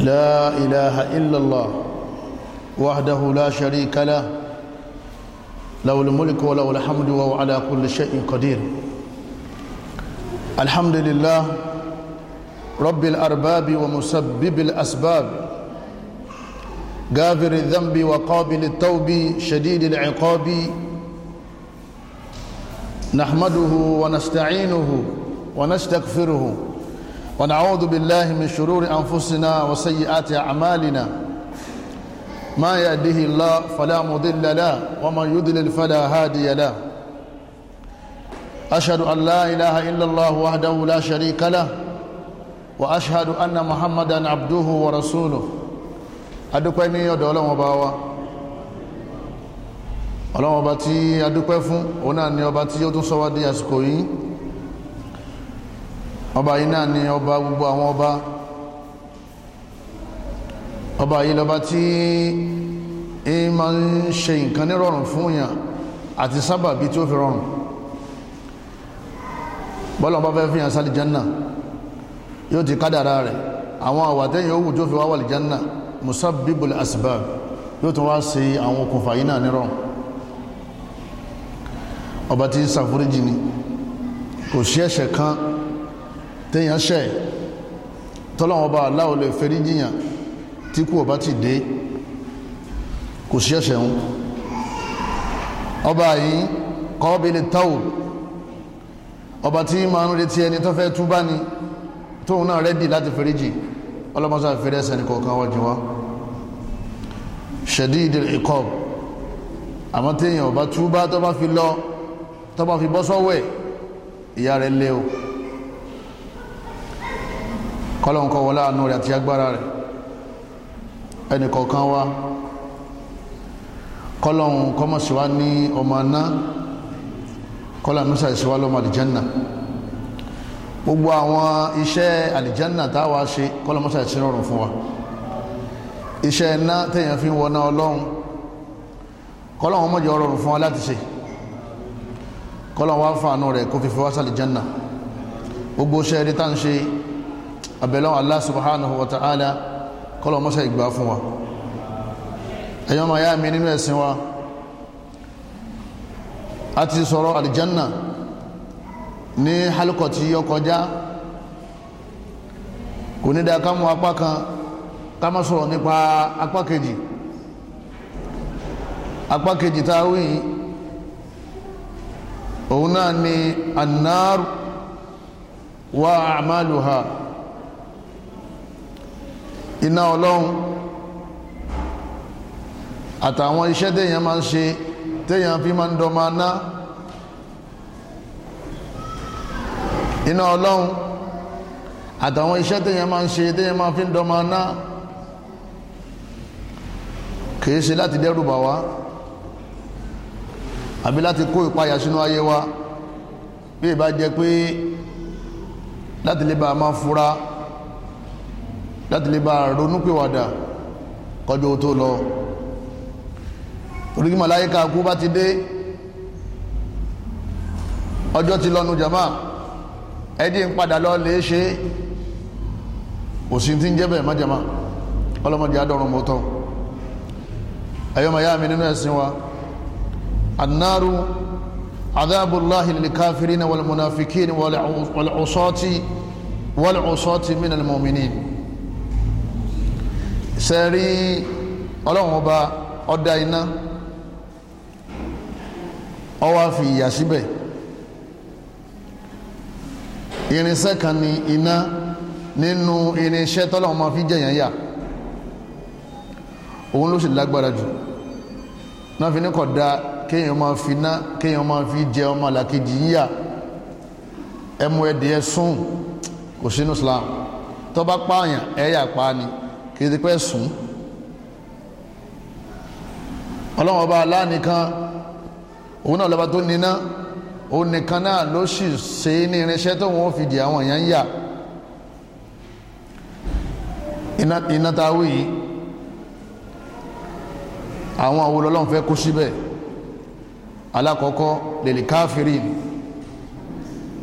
لا إله إلا الله وحده لا شريك له له الملك وله الحمد وهو على كل شيء قدير الحمد لله رب الأرباب ومسبب الأسباب غافر الذنب وقابل التوب شديد العقاب نحمده ونستعينه ونستغفره ونعوذ بالله من شرور أنفسنا وسيئات أعمالنا ما يهده الله فلا مضل له ومن يضلل فلا هادي له أشهد أن لا إله إلا الله وحده لا شريك له وأشهد أن محمدا عبده ورسوله adúpẹ́ ní ọ̀dọ̀ ọlọ́run ọba wa ọlọ́run ọba tí adúpẹ́ fún òun náà ni ọba ọba yìí náà ni ọba gbogbo àwọn ọba ọba yìí lọba tí ẹ máa ń ṣe nǹkan nírọ̀rùn fún yàn àti sábàbí tí ó fi rọrùn bọ́lọ̀ bá fẹ́ fi hàn sálì jẹ́nà yóò ti kádàrá rẹ̀ àwọn àwàtẹ́yìn owó tó fi wá wàlì jẹ́nà musabbibul asbab yóò tún wá sí àwọn okùnfà yìí náà nírọ̀rùn ọba tí ṣàforíjì ni kò sí ẹ̀ṣẹ̀ kan téèyàn ṣẹ̀ tọ́lọ́wọ́n bá aláwọ̀ lè fẹ́rí jiyàn tí kú ọba ti dé kò sí ẹ̀ṣẹ̀ ń ọba yìí kọ́bílì tawb ọba tí máa ń retí ẹni tó fẹ́ túbá ni tóun náà rẹ́dì láti fẹ́rí jì ọlọ́mọsá fẹ́rí ẹ̀ṣẹ̀ ní kọ̀ọ̀kan wájú wa ṣẹ̀dídìl iqab àmọ́ téèyàn ọba túbá tó bá fi lọ tó bá fi bọ́ sọ́wọ́ ẹ̀ ìyá rẹ̀ lé o kọ́lọ́n kọ́ wọlé àánú rẹ̀ àti agbára rẹ̀ ẹnìkọ̀ọ̀kan wa kọ́lọ́n kọ́mọ̀síwá ní ọmọ aná kọ́lọ́n musa ìsíwá lọ́mọ àlìjẹ́nà gbogbo àwọn iṣẹ́ àlìjẹ́nà táwa ṣe kọ́lọ́n musa ìsíwá rọrùn fún wa iṣẹ́ iná téèyàn fi ń wọná ọlọ́run kọ́lọ́n wọn mọ̀jọ rọrùn fún wa láti ṣe kọ́lọ́n wa fàánú rẹ̀ kó fi fi wá sálìjẹ́nà gbogbo iṣẹ́ eré tá à ń ṣe abẹ́lọ́wọ́ Allah subhanahu wa ta'ala kọ́lọ̀ mọ́ṣẹ́ ìgbà fún wa ẹ̀yọ́ ma yá mi nínú ẹ̀sìn wa a ti sọ̀rọ̀ aljanna ní halkọ̀ tí yọ kọjá kò ní dáa ká mú apá kan ká sọ̀rọ̀ nípa apá kejì apá kejì tá a wí òun náà ni annar wa a'maluha iná ọlọ́run àtàwọn iṣẹ́ téèyàn máa ń ṣe téèyàn fi máa ń dọ́mọ aná iná ọlọ́run àtàwọn iṣẹ́ téèyàn máa ń ṣe téèyàn máa fi ń dọ́mọ aná kìí ṣe láti dẹ́rù bà wá àbí láti kó ìpayà sínú ayé wa bí ìbá jẹ́ pé láti lè bá a máa fura láti lè bá ronúpìwàdà kọjú tó lọ torí màláyíká kú bá ti dé ọjọ́ ti lọ́nu jama ẹdí ń padà lọ lè ṣe kò sí ti ń jẹ́ bẹ́ẹ̀ má jama ọlọ́mọdé adọ́run mọ́tọ́ ẹ̀yọ́ màyá mi nínú ẹ̀sìn wa annaru adábùláhi lilkafirina wal munafikini wal usati wal usati min al mu'minin sẹ́rí ọlọ́run ọba ọ̀dà iná ó wá fi ìyà síbẹ̀ irinṣẹ́ kan ni iná nínú irinṣẹ́ tọ́lọ́run máa fi jẹ̀yàn yà òun ló sì lágbára jù náà fi ní kọ̀ da kéèyàn máa fi ná kéèyàn máa fi jẹ ọmọ làkejì yíyà ẹmu ẹdìẹ sùn kò sínú Islam tó pààyàn ẹ̀yà pa ni kìí ti pẹ́ sùn ọlọ́run ọba aláàníkan òun náà lọ́ba tó níná òun nìkan náà ló sì ṣe é ní irinṣẹ́ tó wọ́n fi di àwọn èèyàn yà iná tá a wí yìí àwọn àwọn olólùfẹ́ fẹ́ síbẹ̀ alákọ̀ọ́kọ́ lèlè káfírí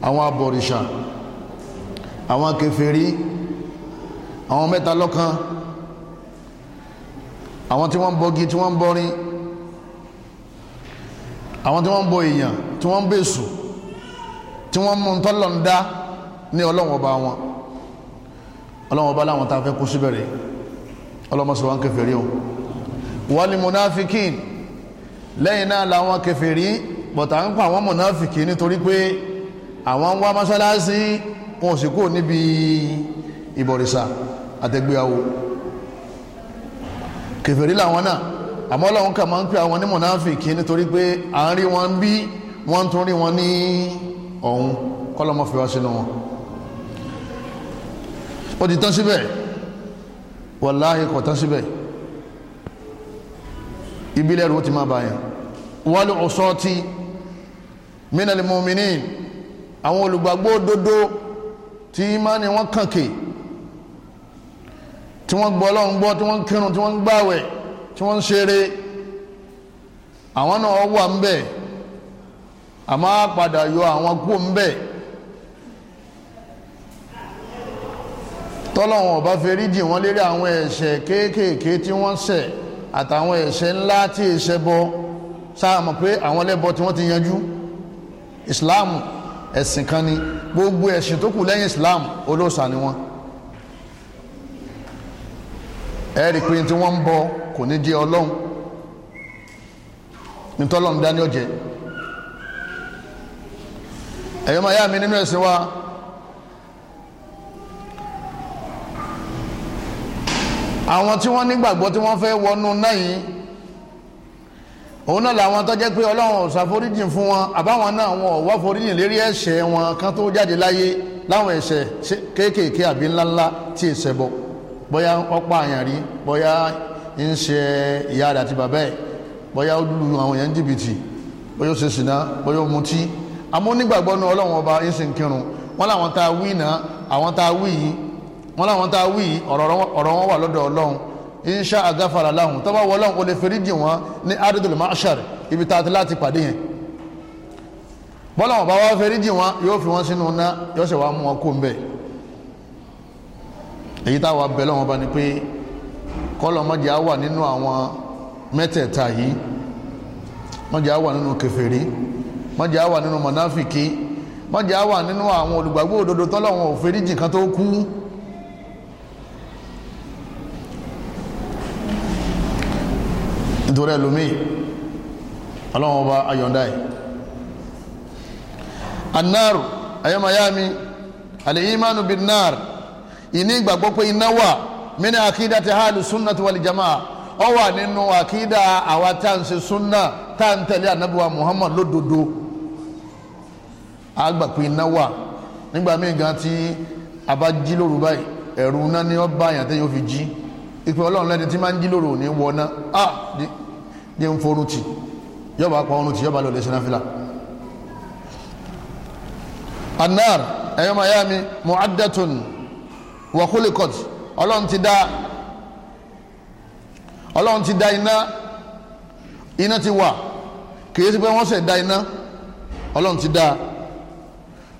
àwọn abọ̀rìṣà àwọn kèfèrí àwọn mẹ́ta lọ́kan àwọn tí wọ́n ń bọgi tí wọ́n ń bọrin àwọn tí wọ́n ń bọ èèyàn tí wọ́n ń bèsù tí wọ́n ń mú tọ́lọ̀ ń dá ní ọlọ́wọ́n ọba wọn ọlọ́wọ́n ọba láwọn tá a fẹ́ kó síbẹ̀ rẹ̀ ọlọ́mọsọ wọn kèfèrí o wọ́n ní munafikin lẹ́yìn náà làwọn kèfèrí bọ̀tà ń pa àwọn munafikin nítorí pé àwọn ń wá mọ́ṣáláṣí wọn ò sì kúrò níbi ìbọ̀rìṣà àtẹ̀gbéyàwó kèfèrí làwọn náà àmọ́ làwọn kà máa ń pè àwọn ní mọ̀náfìkì nítorí pé à ń rí wọn bí wọ́n ń tún rí wọn ní ọ̀hún kọ́lọ́mọ́ fi wá sínú wọn. ó ti tán síbẹ̀ wàláhì kò tán síbẹ̀ ìbílẹ̀ rẹ̀ ó ti máa bá yẹn wal usati minal mu'minin àwọn olùgbàgbọ́ òdodo tí ìmánì wọn kànkè tí wọ́n gbọ́ ọlọ́run gbọ́ tí wọ́n ń kírun tí wọ́n ń gbàwẹ̀ tí wọ́n ń ṣeré àwọn náà wà ń bẹ̀ àmọ́ padà yọ àwọn kú ń bẹ̀ tọ́lọ́wọ̀n ọba feríjì wọ́n lérí àwọn ẹ̀ṣẹ̀ kéékèèké tí wọ́n ṣẹ̀ àtàwọn ẹ̀ṣẹ̀ ńlá tí ìṣẹ́ bọ́ sáà pé àwọn ẹlẹ́bọ tí wọ́n ti yanjú Islam ẹ̀sìn kan ni gbogbo ẹ̀sìn tó kù lẹ́yìn Islam olóòṣà ni wọ́n ẹ̀rí pé tí wọ́n ń bọ kò ní jẹ́ ọlọ́run nítọ́lọ́run dání ọ̀jẹ́ ẹ̀yọ́ máa yá mi nínú ẹ̀sìn wa àwọn tí wọ́n nígbàgbọ́ tí wọ́n fẹ́ wọnú náà yìí òun náà làwọn tó jẹ́ pé ọlọ́run ò ṣàforíjìn fún wọn àbáwọn náà wọn ò wá foríjìn lérí ẹ̀ṣẹ̀ wọn kan tó jáde láyé láwọn ẹ̀ṣẹ̀ kéékèèké àbí ńláńlá tí ì ṣẹbọ bóyá ọ̀pá àyàn rí bóyá ń ṣe ìyá rẹ̀ àti bàbá ẹ̀ bóyá ó lù àwọn èèyàn jìbìtì bóyá ó ṣe ṣìnà bóyá ó mutí àmọ́ onígbàgbọ́ nu ọlọ́run ọba ń sìn kírun wọ́n láwọn tá a wí náà àwọn tá a wí yìí wọ́n láwọn tá a wí yìí ọ̀rọ̀ wọn wà lọ́dọ̀ ọlọ́run insha agafara lahun tó bá wọ ọlọ́run ó lè fẹ́rí jì wọ́n ní ardul mahshar ibi tá a ti láti pàdé fi wọ́n wọn kó ń bẹ́ẹ̀ èyí táwa bẹ lọ́wọ́n bá ní pé kọ́lọ́mọ́jà wà nínú àwọn mẹ́tẹ̀ẹ̀ta yìí mọ́jà wà nínú kèfèrí mọ́jà wà nínú mọ̀náfìkì mọ́jà wà nínú àwọn olùgbàgbọ́ òdodo tọ́lọ́wọ́n òfèríjì kan tó kú nítorí ẹlòmíì ọlọ́wọ́n ọba ayọ̀ǹda ẹ̀ annar ayọ́mayami alẹ́ imanu bin nar ìní ìgbàgbọ́ pé iná wà mínú àkídà ti hàlù súnà ti wàlì jama ọ wà nínú àkídà àwa tá à ń ṣe súnà tá à ń tẹ̀lé ànábìwá Muhammad lódodo àgbà pé iná wà nígbà míì gan tí a bá jí lóru báyìí ẹ̀rù iná ni ó bá àyàn tẹ́yìn ó fi jí ìpè ọlọ́run lẹ́ni tí máa ń jí lóru ò ní wọ ná á ní ń forun tì yọba pa orun tì yọba lọ lè ṣe náà fìlà anar ẹ̀yọ́ mayami mu'addatun wọ́kúlẹ̀kọ̀t ọlọ́run ti dá ọlọ́run ti dá iná iná ti wà kìí ṣe pé wọ́n ṣẹ̀ dá iná ọlọ́run ti dá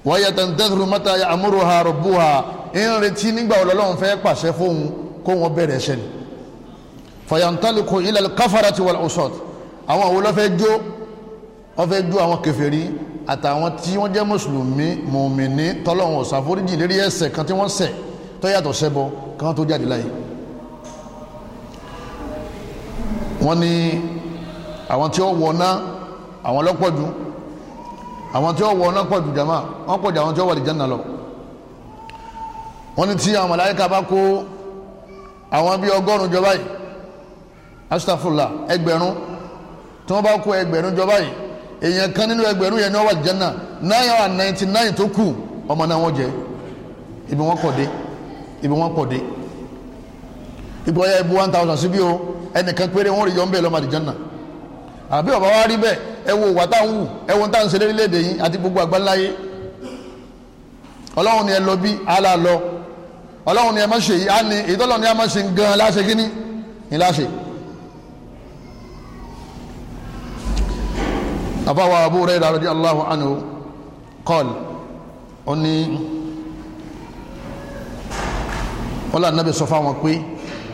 wáyà tẹ̀ntẹ́sùrù mọ́ta àmúrò ha rọ̀bù ha ń retí nígbà ọlọ́run fẹ́ pàṣẹ fóun kó wọn bẹ̀rẹ̀ ẹ̀ṣẹ̀ ni fàyàntálùkù ilẹ̀ káfàrà ti wà ọ̀ṣọ́t àwọn àwọn olófẹ́ jó wọ́n fẹ́ jó àwọn kèfèrí àtàwọn tí wọ́n jẹ́ mùsùlùmí mùmìnì tọ́lọ́wọ̀n ṣàforíjì lérí ẹ̀ṣẹ̀ kan tí wọ́n ṣẹ̀ tó yàtọ̀ sẹ́bọ káwọn tó jáde láyé wọ́n ní àwọn tí ó wọ̀ ná àwọn lọ́pọ̀ jù àwọn tí ó wọ̀ ná pọ̀ jù jàmá wọ́n pọ̀ jù àwọn tí ó wà lè jẹ́nà lọ wọ́n ní tí àwọn màláíkà bá kó àwọn bíi ọgọ́rùn-ún jọ báyìí astafurla ẹgbẹ̀rún tí wọ́n bá kó ẹgbẹ̀rún jọ báyìí èèyàn kan nínú ẹgbẹ̀rún yẹn ni wọ́n wà lè jẹ́nà nine hundred ninety nine tó kù ọmọ náà wọ́n jẹ́ ibi wọ́n kọ̀ dé ibi wọ́n pọ̀ dé ibi ọ̀yà ibi one thousand síbí o ẹnìkan péré wọ́n rí yọ̀ ń bẹ̀ lọ́mọ àdìjọ́ náà àbí ọ̀bá wa rí bẹ́ẹ̀ ẹ wo ìwà tá à ń wù ẹ wo tá à ń ṣe lórílẹ̀‐èdè yìí àti gbogbo àgbáláyé ọlọ́run ni ẹ lọ bí ala lọ ọlọ́run ni ẹ má ṣe yìí á ní ìtọ́lọ́run ni ẹ má ṣe gan láṣẹ kínní ni láṣẹ. àbáwá Abu Hurairah radiyallahu anhu qala ó ní wọ́n lànà bí sọ fáwọn pé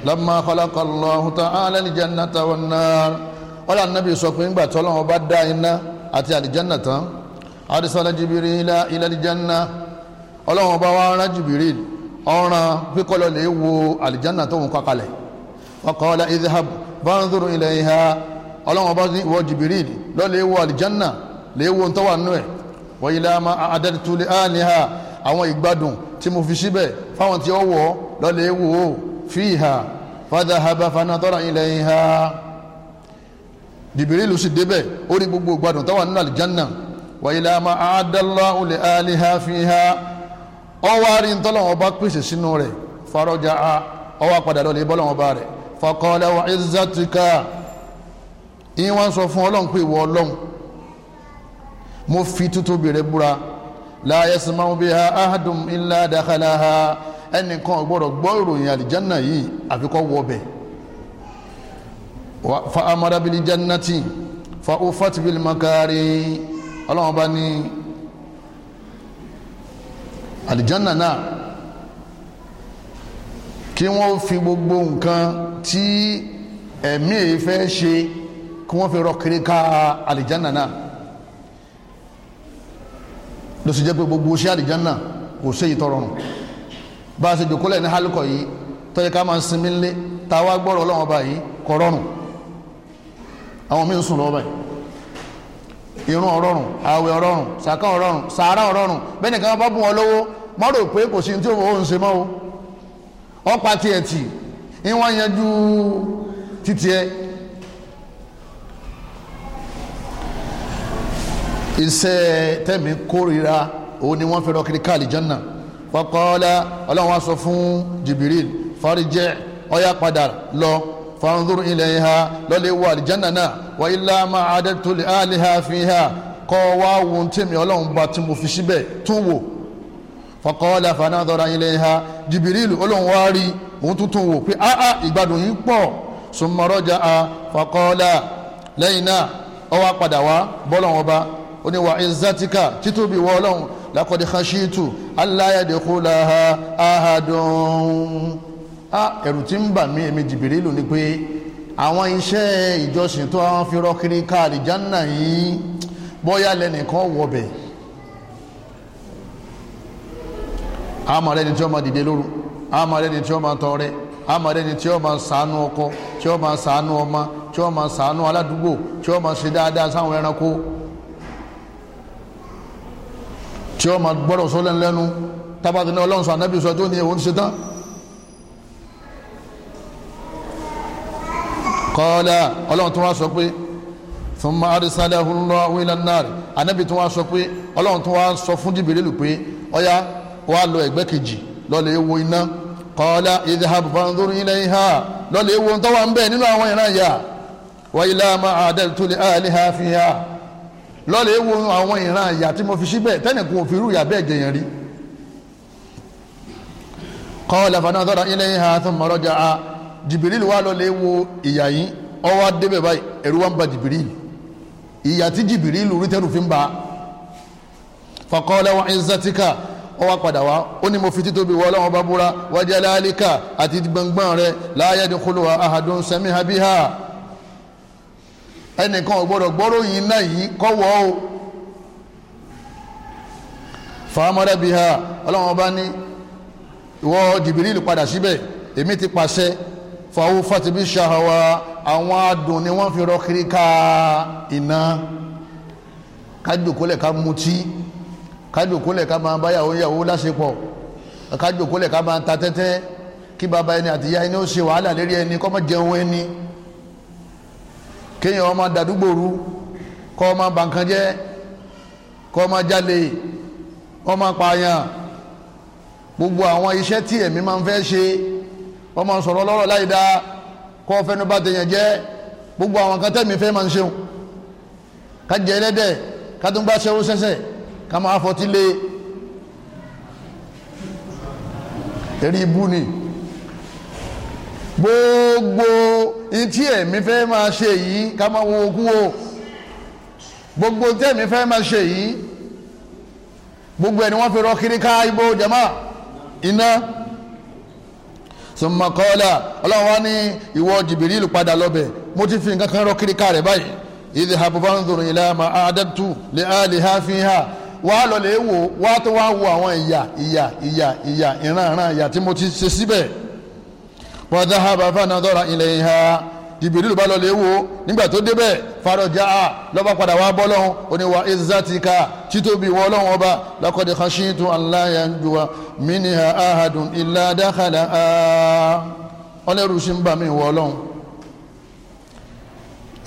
lamma khalaqa Allahu ta'ala al-jannata wan-nar wọ́n lànà bí sọ pé ńgbà tọ́lọ́wọ́n bá dá iná àti àlìjánà tán arsala Jibrila ila al-janna ọlọ́wọ́n bá wá rán Jibril ọ̀ràn píkọ́lọ́ lè wo àlìjánà tó ń kọ́ kalẹ̀ wa qala idhhab fanzur ilayha ọlọ́wọ́n bá àwọn ìgbádùn tí mo fi síbẹ̀ fáwọn tí ó wọ̀ ọ́ lọ́lẹ̀ wò ó fiha fadhahaba fanadara ilayha Jibrilu sì débẹ̀ ó rí gbogbo ìgbádùn tó wà nínú àlìjánná wa ila ma a'addallahu li ahliha fiha ó wá rí ntọ́lọ́wọ́n bá pèsè sínú rẹ̀ faraja ó wá padà lọ́lẹ̀ bọ́lọ́wọ́n bá rẹ̀ faqala wa izzatika ìwọ̀n sọ fún ọlọ́run pé ìwọ ọlọ́run mo fi tútóbi rẹ̀ búra la yasma'u biha ahadun illa dakhalaha ẹnìkan ò gbọ́dọ̀ gbọ́ ìròyìn àlìjánà yìí àfi kó wọ bẹ̀ fa amara bil jannati fa ufat bil makari ọlọ́wọ́n bá ní àlìjánà náà kí wọ́n fi gbogbo nǹkan tí ẹ̀mí èyí fẹ́ ṣe kí wọ́n fi rọ kiri ká àlìjánà náà ló sì jẹ́ pé gbogbo iṣẹ́ àlìjánà kò sí ìtọrọrùn bá a ṣe jòkólẹ̀ ní hálùkọ̀ yìí tó yẹ ká máa ń sinmi ńlé a wá gbọ́rọ̀ ọlọ́wọ́n ọba yìí kò rọrùn àwọn míì ń sùn lọ́wọ́ báyìí irun ọ̀rọ̀rùn àwẹ̀ ọ̀rọ̀rùn sàkà sàárà bẹ́ẹ̀ nìkan bá bùn ọ rò pé kò sí ní tí ń ṣe mọ́ o iṣẹ́ tẹ̀mí kórira òun ni wọ́n fi rọ kiri káàlì jọ́nà faqala ọlọ́run wa sọ fún Jibril farijẹ́ ọ̀yà padà lọ fanzur ilayha lọ́lẹ̀ wọ àlìjánà náà wa illa ma adatu li aliha fiha kọ́ wa wọ́n tẹ̀mí ọlọ́run bá tí mo fi síbẹ̀ tún wò faqala fanadara ilayha Jibril ọlọ́run wa rí òun tuntun wò pé áá ah, ah, ìgbádùn yìí pọ̀ summa raja'a faqala lẹ́yìn náà ó padà wá bọ́lọ̀ wọn bá oníwà ìzátìkà títúbi wọ ọlọ́run lakọ̀dí khashitu aláyàdẹ́kọ́láha ahadun. a ẹ̀rù tí ń bà mí èmi Jìbìrìlù ni pé àwọn iṣẹ́ ìjọsìn tó àwọn fi rọ́ kiri káàdì jánà yìí bóyá lẹ́nìkan wọ̀bẹ̀. àmọ̀ rẹ̀ ni tí wọ́n máa dìde lóru àmọ̀ rẹ̀ ni tí wọ́n máa tọrẹ amadeni tí o ma ṣàánú ọkọ tí o ma ṣàánú ọmọ tí o ma ṣàánú aládùúgbò tí o ma ṣe dáadáa sáwọn ẹranko tí ó máa gbọ́dọ̀ sọ́lẹ̀ lẹ́nu tábàtì ní ọlọ́run sọ ànábì sọ tó ní èwo ń ṣe tán. kọ́lá ọlọ́run tó wá sọ pé thumma arsalahu Allahu ila an-nar tó wá sọ pé ọlọ́run tó wá sọ fún Jibrilu pé ọ̀yá wàá lọ ẹ̀gbẹ́ kejì lọ́lẹ̀ ewo iná kọ́lá idhhab fanzur ilayha lọ́lẹ̀ ewo ń tọ́wọ́ ń bẹ̀ nínú àwọn ìran yà wáyé láàmú àdẹ́rẹ́ tó lè áàlì ha fi hàn lọ́lẹ̀ wo àwọn ìran àyà tí mo fi síbẹ̀ tẹ́nìkan ò fi irú ìyà bẹ́ẹ̀ jẹyàn rí. qala fanadhara ilayha thumma raja'a jìbìrìlì wà lọ́lẹ̀ wo ìyà yìí ọwọ́ débẹ̀ báyìí ẹ̀rù wà ń ba jìbìrìlì ìyà tí jìbìrìlì rí tẹ́rù fi ń ba faqala wa izzatika ó wá padà wá ó ní mo fi títóbi wọ ọlọ́run bá búra wa jalalika àti gbọ̀ngbọ̀n rẹ̀ la yadkhuluha ẹnìkan ò gbọdọ̀ gbọ́ròyìn iná yìí kọ́wọ́ o fàámọ́rẹ́ bíi ha ọlọ́run ọba ní ìwọ jìbìrìl padà síbẹ̀ èmi ti pàṣẹ fàáwù fàtìbí ṣàhàwà àwọn adùn ni wọ́n fi rọ kiri ká iná kájòkólẹ̀ ká mutí kájòkólẹ̀ ká máa báyàwó yàwó láṣepọ̀ kájòkólẹ̀ ká máa ta tẹ́tẹ́ kí baba ẹni àtìyá ẹni ó ṣe wàhálà lérí ẹni kọ́mọ jẹun ẹni kéèyàn ọmọ dàdúgbò rú kọ́ ọmọ bànkànjẹ́ kọ́ ọmọ jalè ọmọ pààyàn gbogbo àwọn iṣẹ́ tí ẹ̀mí máa ń fẹ́ ṣe ọmọ sọ̀rọ̀ lọ́rọ̀ láì dáa kọ́ fẹ́nu bá tẹ̀yàn jẹ́ gbogbo àwọn kan tẹ̀mí fẹ́ máa ń ṣeun ká jẹ ẹlẹ́dẹ̀ ká tún bá ṣẹ́wó sẹ́sẹ̀ ká máa fọtí lé eré ibú ni gbogbo ntí ẹ̀mí fẹ́ máa ṣe yìí ká máa wo okú o gbogbo ntí ẹ̀mí fẹ́ máa ṣe yìí gbogbo ẹni wọ́n fi rọ kiri ká ibo jama iná summa qala ọlọ́run wa ní ìwọ jìbìrìlù padà lọ́bẹ̀ mo ti fi nǹkan kan rọ kiri ká rẹ̀ báyìí ìdí habubanzoro ila ma àádẹ́tù lè àlè ha fi hàn wàá lọ lè wò wàá tó wàá wo àwọn ìyà ìyà ìyà ìyà ìran ìran ìyà tí mo ti ṣe síbẹ̀ wadhahaba fanadara ilayha jìbìrìlù bá lọlé wo nígbà tó débẹ̀ farọjà a lọ́ba padà wá bọ́ lọ́hún oníwà ezatika títóbi wọ́ lọ́hún ọba lakọ́dẹ̀ khashitu aláya ń juwa mínìhà ahadùn ilá dákàlà a ọlẹ́rù sí ń bà mí wọ́ lọ́hún.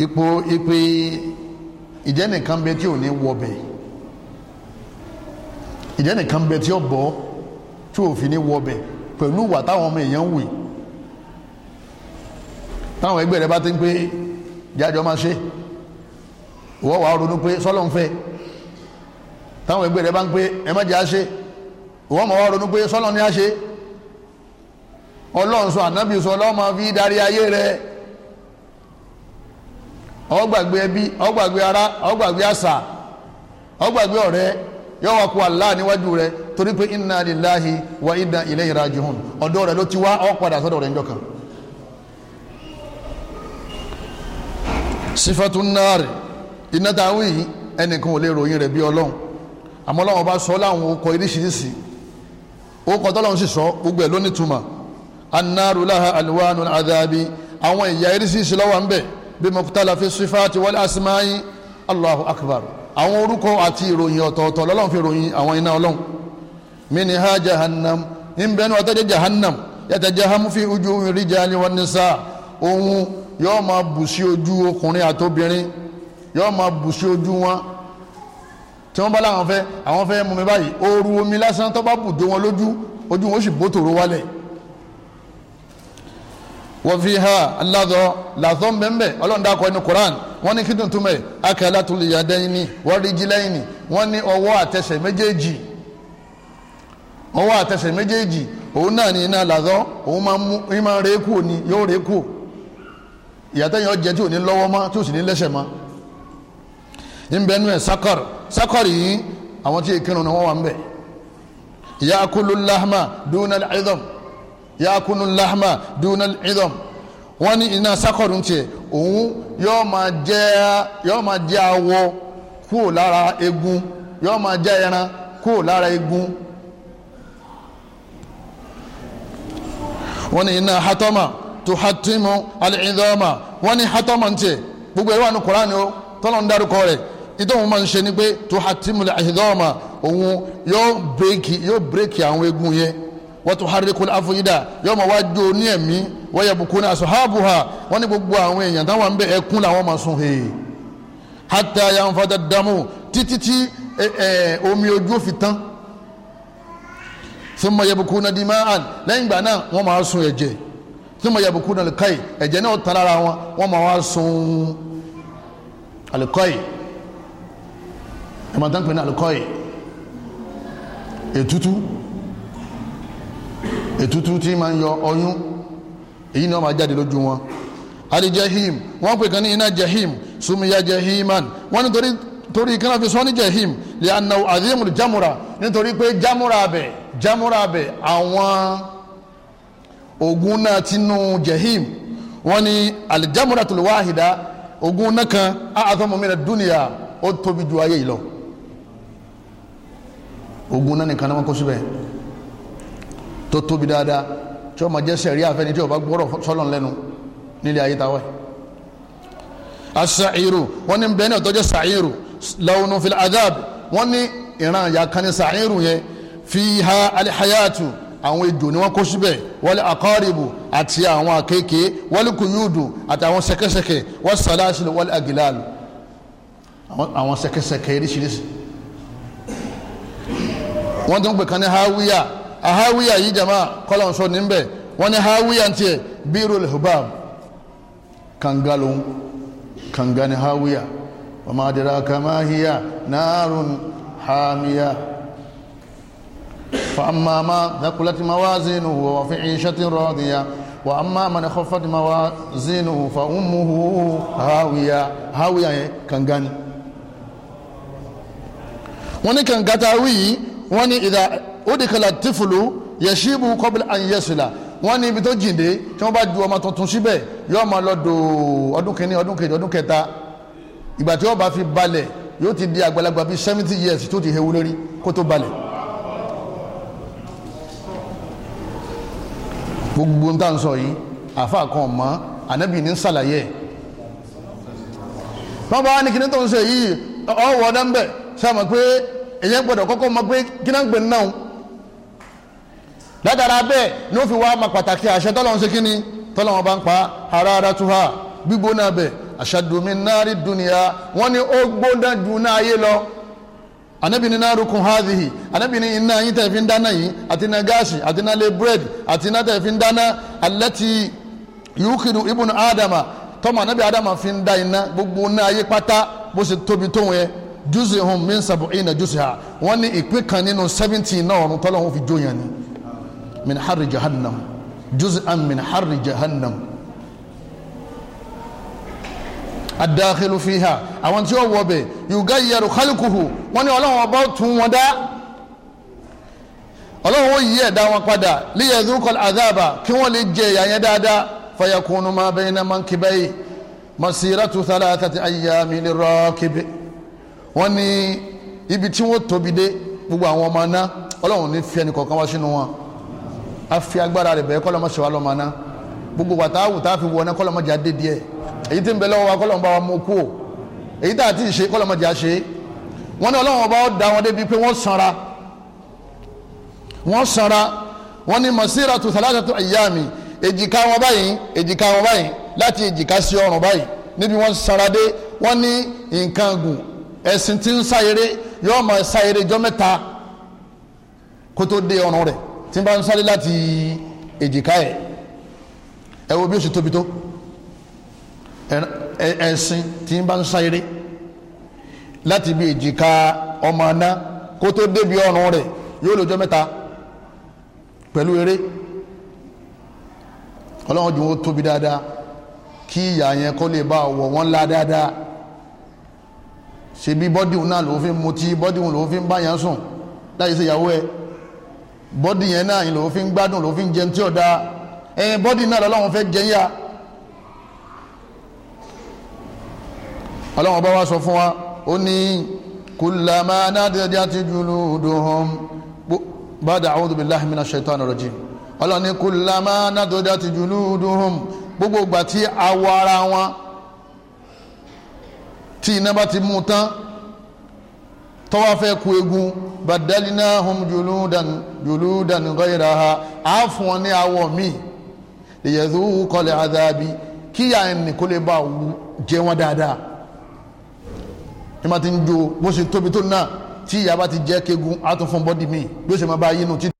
ipò ipe ìjẹ́nìkan bẹ tí ò ní wọbẹ̀ ìjẹ́nìkan bẹ tí ó bọ́ tí ò fi ní wọbẹ̀ pẹ̀lú wà táwọn ọmọ èèyàn wì í táwọn ẹgbẹ́ rẹ bá ti ń pé jájọ máa ṣe ìwọ wàá ronú pé sọ́lọ́ ń fẹ́ táwọn ẹgbẹ́ rẹ bá ń pé ẹ má jẹ́ àṣe ìwọ máa wá ronú pé sọ́lọ́ ní àṣe ọlọ́run sọ ànábì sọ fi darí ayé rẹ ó ẹbí àṣà ọ̀rẹ́ yóò torí pé rẹ ló ti wá padà rẹ sífẹ́tù náàrì iná táwọn yìí ẹnìkan ò lè ròyìn rẹ̀ bí ọlọ́run àmọ́ ọlọ́run bá sọ láwọn okọ̀ oríṣiríṣi okọ̀ tọ́lọ́run sì sọ gbogbo ẹ̀ ló ní túmọ̀ anáàrù láha àlùwánu àdáàbí àwọn ìyà oríṣiríṣi lọ́wọ́ ń bẹ̀ bí mọ̀kútàlá fi sífẹ́tù wọlé asimáyí allahu akbar àwọn orúkọ àti ìròyìn ọ̀tọ̀ọ̀tọ̀ lọ́lọ́run fi ròyìn àwọn iná ọlọ́run minha jahannam ń bẹnu ọtọ́jẹ́ jahannam yàtọ̀ jahamu fi ujú rijali wan nisa ohun yóò ma bù sí ojú ọkùnrin àtobìnrin yóò ma bù sí ojú wọn tí wọ́n bá láwọn fẹ́ àwọn fẹ́ mú mi báyìí ooru omi lásán tó bá bù dó wọn lójú ojú wọn ó sì bó tòró wálẹ̀ wọ́n fi ha aládọ́ làtọ́ mbẹ́mbẹ́ ọlọ́run dákọ̀ inú Quran wọ́n ní kí tuntun mẹ́ akẹ́lá tó lè yàdá yín ni wọ́n rí jí lẹ́yìn ni wọ́n ní ọwọ́ àtẹsẹ̀ méjèèjì ọwọ́ àtẹsẹ̀ méjèèjì òun náà ní iná làtọ́ òun máa ń rẹ́ kù ni yóò rẹ́ kù ìyàtẹ̀yìn ọ̀jẹ̀ tí ò ní lọ́wọ́ mọ́ tí ò sì ní lẹ́sẹ̀ mọ́ nbẹnu ẹ sakọr sakọr yìí àwọn tí èkìrò ni wọn wà nbẹ yaakulu lahma duna idom yaakulu lahma duna idom wọn ní iná sakọr ń tiẹ òun yóò máa jẹ yóò máa jẹ awọ kúrò lára egun yóò máa jẹ ẹran kúrò lára egun wọn ní iná hatọma tuhatimu alidoma wọn ni hatama ń tiẹ gbogbo ẹ wà ní koran o tọ́lọ̀ ń darúkọ rẹ̀ ìtọ́wọ́n máa ń ni pé tuhatimu alidoma òun yóò bírèkì yóò bírèkì àwọn eegun yẹn wọ́n tún hariri kúlẹ̀ afọ́yídà yóò máa wá jó ní ẹ̀mí wọ́n yẹ bukuna aṣọ́hábù ha wọ́n ní gbogbo àwọn èèyàn táwọn bẹ ẹkún làwọn máa sun hèè hata yanfada damu títí tí omi ojú ò fi tán summa yabukuna dimaan lẹ́yìn ìgbà náà wọ́n máa sun ẹ̀jẹ̀ tí mo yẹ bukú náà lùkọ́yì ẹ̀jẹ̀ náà tán lára wọn wọ́n máa wá sun àlùkọ́yì ẹ̀mọ̀tán pè ní àlùkọ́yì ètútú ètútú tí máa ń yọ ọyún èyí ni wọ́n máa jáde lójú wọn alijahim wọ́n pè kan ní iná jahim sumiya jahiman wọ́n nítorí torí kí wọ́n fi sọ ní jahim lè anaw adimul jamura nítorí pé jamura bẹ̀ jamura bẹ̀ àwọn ogun náà tinú jahim wọ́n ní aljamuratul wahida ogun náà kan a'azamu mina dúnìyà ó tóbi ju ayé yìí lọ ogun náà nìkan náà wọ́n kó síbẹ̀ tó tóbi dáadáa tí wọ́n máa jẹ́ sẹ̀rí àfẹ́ni tí wọ́n bá gbọ́rọ̀ sọ́lọ̀ lẹ́nu nílé ayé táwọn asairu wọ́n ní bẹ́ẹ̀ ní sairu lawnu adab wọ́n ní ìran ìyá sairu yẹn fi alihayatu àwọn ejò ni wọ́n kó síbẹ̀ wal aqaribu àti àwọn àkekè wal kuyudu àtàwọn ṣẹ̀kẹ̀ṣẹ̀kẹ̀ wal salasil wal agilal àwọn ṣẹ̀kẹ̀ṣẹ̀kẹ̀ eréṣiríṣi wọ́n tún pè kan ní hawiya ahawiya yìí jama kọ́lọ̀ sọ níbẹ̀ wọ́n ní hawiya tiẹ̀ birul hubab kànga lòun hawiya wa ma adraka ma hiya hamiya. فأما ما ثقلت موازينه وفي عيشة راضية وأما من خفت موازينه فأمه هاوية هاوية كنغاني wọ́n ní kànga tá a wí yìí wọ́n ní ìdá òdìkàlà tìfùlù yẹ̀ṣíbù kọ́bílà àyẹ̀sùlà wọ́n ní ibi tó jìnde tí wọ́n bá ju ọmọ tuntun síbẹ̀ yóò máa lọ dòó ọdún kìíní ọdún kejì ọdún kẹta ìgbà tí wọ́n bá fi balẹ̀ yóò ti di àgbàlagbà bíi seventy years tó ti hewu lórí kó tó balẹ̀. gbogbo ń tà ń sọ yìí àfa kan mọ́ ànábì ní sàlàyé wọ́n bá ní kíní tó ń ṣe yìí ọ̀wọ́ ọ̀dá ń bẹ̀ sọ́mọ pé èyẹ gbọ́dọ̀ kọ́kọ́ mọ̀ pé kíná ń gbé náà látara ní ó fi wá ma pàtàkì àṣẹ tọ́lọ́run ṣe kíni tọ́lọ́run bá ń pa ara ara tu ha gbígbóná bẹ̀ àṣàdùnmí náà rí dunia wọ́n ní ó gbóná ju ayé lọ Anabini ní narukun hadhihi anabi ní iná yín tẹ̀ fi ń dáná yìí àti iná gáàsì àti iná lé búrẹ́dì àti iná tẹ̀ fi Adama dáná allati yukidu ibùn ádámà tọ́mọ anabi ádámà fi ń dá iná gbogbo iná ayé pátá bó ṣe tóbi tó wọn yẹ jùsì hùn mí sàbùn jùsì ha wọ́n ní ìpín kan nínú sẹ́fìntì náà ọ̀run tọ́lọ́hún fi jó yẹn ni min harri jahannam juzi an min harri jahannam adáhìlú fi hà àwọn tí ó wọ bẹ̀ yùgá yẹrù kálíkùhù wọn ni ọlọ́run ọba tún wọn dá ọlọ́run ó yí ẹ̀dá wọn padà líyẹ̀ zúkọ̀l àdáàbà kí wọ́n lè jẹ ìyà yẹn dáadáa fayakunu máa bẹ́yìn náà máa ń kíbẹ́ yìí masiratu thalathati ayyami lirakibi wọ́n ní ibi tí wọ́n tóbi dé gbogbo àwọn ọmọ náà ọlọ́run ní fi ẹnì kọ̀ọ̀kan wá sínú wọn a agbára rẹ̀ bẹ́ẹ̀ kọ́lọ́mọṣẹ́wá lọ́mọ náà gbogbo wàtáwù èyí tí ń bẹ lọ́wọ́ wa kọ́lọ́n bá wa mú kú o èyí tá a ti ṣe kọ́lọ́n mọ̀jà ṣe wọ́n ní ọlọ́run ọba da wọn débi pé wọ́n sanra wọ́n sanra wọ́n ní masira tu salatatu ayami èjìká wọn báyìí èjìká wọn báyìí láti èjìká sí ọrùn báyìí níbi wọ́n sanra dé wọ́n ní nǹkan gùn ẹ̀sìn tí ń sá eré yóò máa sá eré jọ́ mẹ́ta kó tó dé ọrùn rẹ̀ tí ń bá ń sáré láti èjìká ẹ̀ ẹ̀ wo bí ó ṣe tóbi tó ẹṣin tí ń bá ń sáyéré láti bí èjìká ọmọ aná kó tó débi ọrùn rẹ̀ yóò lọ́jọ́ mẹ́ta pẹ̀lú eré ọlọ́run jù ó tóbi dáadáa kí ìyá yẹn kó lè bá wọ̀ wọ́n ńlá dáadáa ṣebí bọ́dìhùn náà lòó fi ń mutí bọ́dìhùn lòó fi ń bá yẹn sùn láyé sí ìyàwó ẹ bọ́dì yẹn náà lòó fi ń gbádùn lòó fi ń jẹun tí ò dáa ẹ̀yìn bọ́dì náà lọ́lọ́run fẹ́ jẹun yá ọlọ́run ọba wa sọ fún wa ó ní kùlàmà nádìjà ti jùlù dùhùn bàdà àwọn òdòdó billahi minash shaitani rajim ọlọ́run ní kùlàmà nádìjà ti jùlù dùhùn gbogbo ìgbà tí awọ ara wọn tí iná ti mú tán tọ́wọ́ fẹ́ ku egun badalinahum juludan juludan ghayraha á fún wọn ní awọ míì lèyẹ̀dú kọlẹ̀ adábi kíyà ẹnì kó lè bá jẹ wọn dáadáa ní ma ti ń jo bó ṣe tóbi tó náà tí ìyá bá ti jẹ́ kegun á tún fún bọ́dì míì bí ó ṣe máa bá yín nù títí.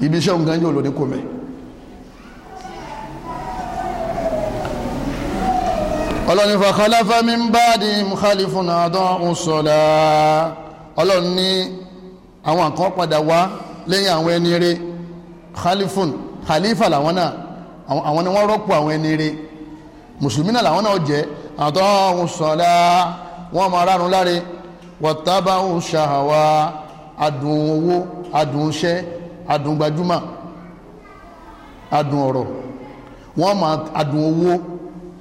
ibi iṣẹ́ òun gan jẹ́ olóde kò mẹ́ ọlọ́ni fàkàlàfà mi ń bá di mùkálífùnà àdán òṣòlá ọlọ́ni ní àwọn kan padà wá lẹ́yìn àwọn ẹni rẹ̀ khalifun khalifa làwọn náà àwọn ni wọ́n rọ́pò àwọn ẹni rẹ̀ mùsùlùmí náà làwọn náà jẹ́ àdán òṣòlá wọ́n máa rárun láre wọ́tábà òṣàwà adùn owó adùn iṣẹ́ adùn gbajúmọ̀ adùn ọ̀rọ̀ wọ́n máa adùn owó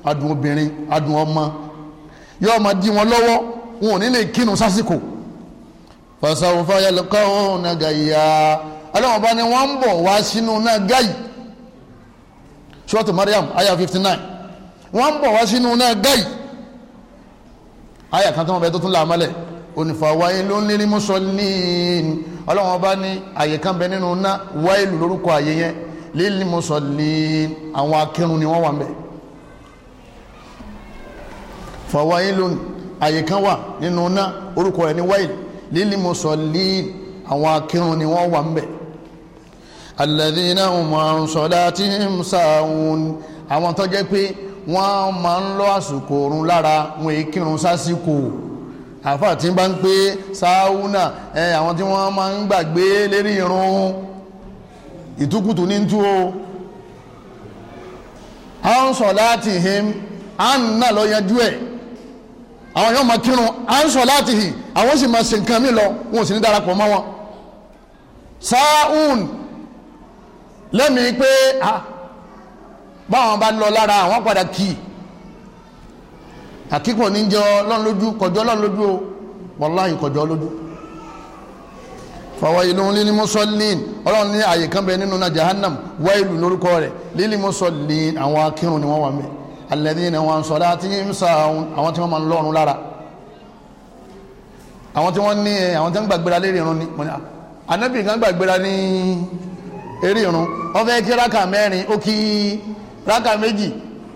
adùn obìnrin adùn ọmọ yóò máa dí wọn lọ́wọ́ wọn ò ní lè sásìkò fasawufa yalqawna gayya ọlọ́wọ́n bá ní wọ́n ń bọ̀ wá sínú náà gáyì suratu aya fifty nine wọ́n ń bọ̀ wá sínú náà gáyì aya kan tó wọn bẹ tó tún onífàwáyé ló ń lérí mú sọ níìn ọlọ́run ọba ní àyè kan bẹ nínú ná wáìlú lórúkọ àyè yẹn lérí mú sọ níìn àwọn akírun ni wọ́n wà mẹ́. fàwáyé àyè kan wà nínú ná orúkọ rẹ̀ ní wáìlú àwọn akírun ni wọ́n wà mẹ́. alladhina hum an salatihim sahun àwọn tó jẹ́ pé wọ́n máa ń lọ àsìkò oorun lára wọn èé sásìkò àfa tí ń bá ń pé sáúnà ẹ àwọn tí wọ́n máa ń gbàgbé lérí irun ìtukùtù ní tú o à ń sọ láti him à ń nà lọ yanjú ẹ̀ àwọn yóò máa kírun à ń sọ láti hì àwọn sì máa ṣe nǹkan mi lọ wọn ò sì ní darapọ̀ mọ́ wọn sáún lẹ́mìí pé ah, báwọn bá lọ lára àwọn padà kì àkíkọ̀ ní jẹ́ ọlọ́run lójú kọjọ́ ọlọ́run lójú o wàláhì kọjọ́ lójú fawailun lil musallin ọlọ́run ní àyè kan bẹ nínú náà jahannam wáìlù lórúkọ rẹ̀ lil musallin àwọn akírun ni wọ́n wà mẹ́ alladhina wọn salatihim sahun àwọn tí wọ́n máa ń lọ́run lára àwọn tí wọ́n ní ẹ eh, àwọn tí wọ́n gbàgbéra lérí irun ni anabi ah, kan gbàgbéra ní eré irun wọ́n fẹ́ kí rákà mẹ́rin ó kí rákà méjì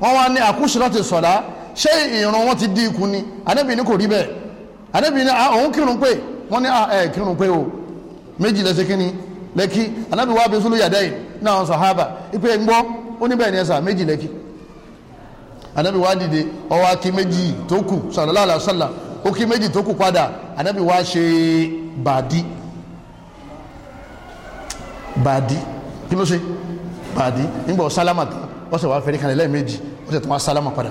wọ́n wá ní àkúṣe láti sọ̀dá ṣé ìrun wọn ti di ikùn ni ànábì ní kò rí bẹ́ẹ̀ ànábì ní ah, òun kírun pé wọ́n ní ah, ẹ kírun pé o méjì lẹ́sẹ̀ kínní lẹ́kí ànábì wà bẹ́sùlù yàdá yìí náà wọn sàhábà ipe ń gbọ́ ó ní bẹ́ẹ̀ ni ẹ sà méjì lẹ́kí ànábì wà dìde ó wá kí méjì tó kù sallallahu alaihi wasallam ó kí méjì tó kù padà ànábì wà ṣe bàdí bàdí kí ló ṣe bàdí nígbà ọ sálámà tán ọ sì wá kan lẹ́ẹ̀mejì ó sì tún wá sálámà padà